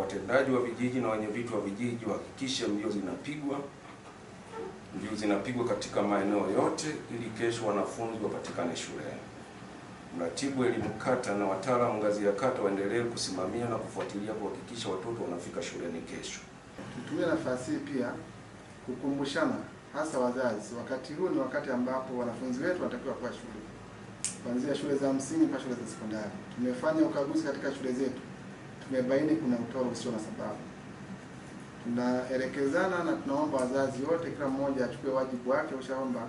watendaji wa vijiji na wenye vitu wa vijiji wahakikishe mbio zinapigwa, mbio zinapigwa katika maeneo yote, ili kesho wanafunzi wapatikane shuleni. Mratibu elimu kata na wataalamu ngazi ya kata waendelee kusimamia na kufuatilia kuhakikisha watoto wanafika shuleni kesho. Tutumie nafasi hii pia kukumbushana, hasa wazazi, wakati huu ni wakati ambapo wanafunzi wetu wanatakiwa kuwa shule, kuanzia shule za msingi mpaka shule za sekondari. Tumefanya ukaguzi katika shule zetu tumebaini kuna utoro usio na sababu. Tunaelekezana na tunaomba wazazi wote, kila mmoja achukue wajibu wake, ushaomba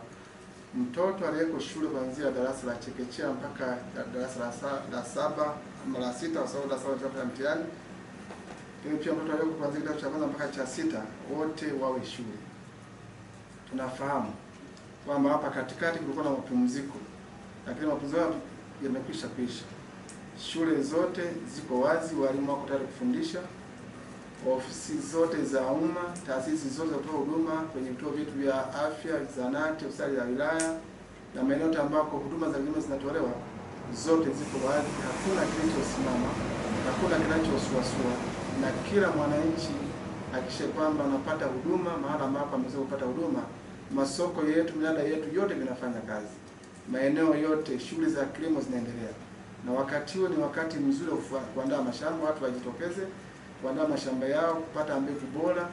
mtoto aliyeko shule kuanzia darasa la chekechea mpaka darasa la, sa, la saba ama la sita kwa sababu darasa la mtihani, lakini pia mtoto aliyeko kuanzia kidato cha kwanza mpaka cha sita wote wawe shule. Tunafahamu kwamba hapa katikati kulikuwa na mapumziko, lakini mapumziko yamekwisha kwisha. Shule zote ziko wazi, walimu wako tayari kufundisha. Ofisi zote za umma, taasisi zote za kutoa huduma kwenye vituo vyetu vya afya, zahanati, hospitali za wilaya na maeneo yote ambako huduma za kilimo zinatolewa, zote ziko wazi. Hakuna kinachosimama, hakuna kinachosuasua, na kila mwananchi akishe kwamba anapata huduma mahala ambapo ameweza kupata huduma. Masoko yetu, minada yetu yote vinafanya kazi, maeneo yote, shughuli za kilimo zinaendelea na wakati huo ni wakati mzuri wa kuandaa mashamba. Watu wajitokeze kuandaa mashamba yao, kupata mbegu bora,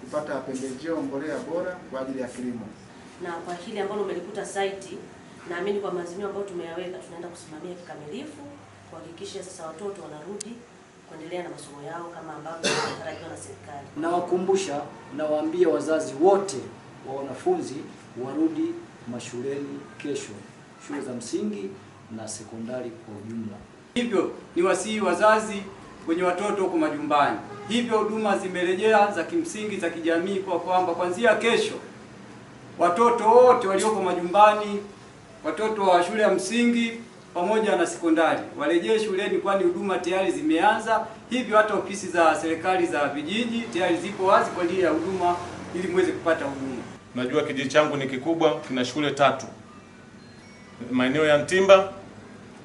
kupata pembejeo, mbolea bora kwa ajili ya kilimo. Na kwa hili ambalo umelikuta site, naamini kwa maazimio ambayo tumeyaweka, tunaenda kusimamia kikamilifu kuhakikisha sasa watoto wanarudi kuendelea na masomo yao kama ambavyo wanatarajiwa na serikali. Nawakumbusha, nawaambia wazazi wote wa wanafunzi warudi mashuleni kesho, shule za msingi na sekondari kwa ujumla. Hivyo ni wasihi wazazi wenye watoto huko majumbani. Hivyo huduma zimerejea za kimsingi za kijamii, kwa kwamba kuanzia kesho watoto wote walioko majumbani, watoto wa shule ya msingi pamoja na sekondari warejee shuleni, kwani huduma tayari zimeanza. Hivyo hata ofisi za serikali za vijiji tayari zipo wazi kwa ajili ya huduma, ili muweze kupata huduma. Najua kijiji changu ni kikubwa, kina shule tatu, maeneo ya ntimba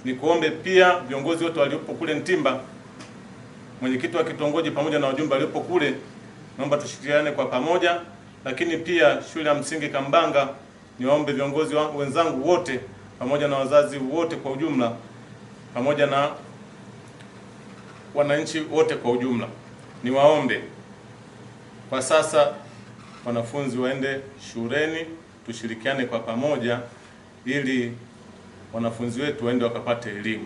Nikuombe pia viongozi wote waliopo kule Ntimba, mwenyekiti wa kitongoji pamoja na wajumbe waliopo kule, naomba tushirikiane kwa pamoja. Lakini pia shule ya msingi Kambanga, niwaombe viongozi wa, wenzangu wote pamoja na wazazi wote kwa ujumla pamoja na wananchi wote kwa ujumla, niwaombe kwa sasa wanafunzi waende shuleni, tushirikiane kwa pamoja ili wanafunzi wetu waende wakapate elimu.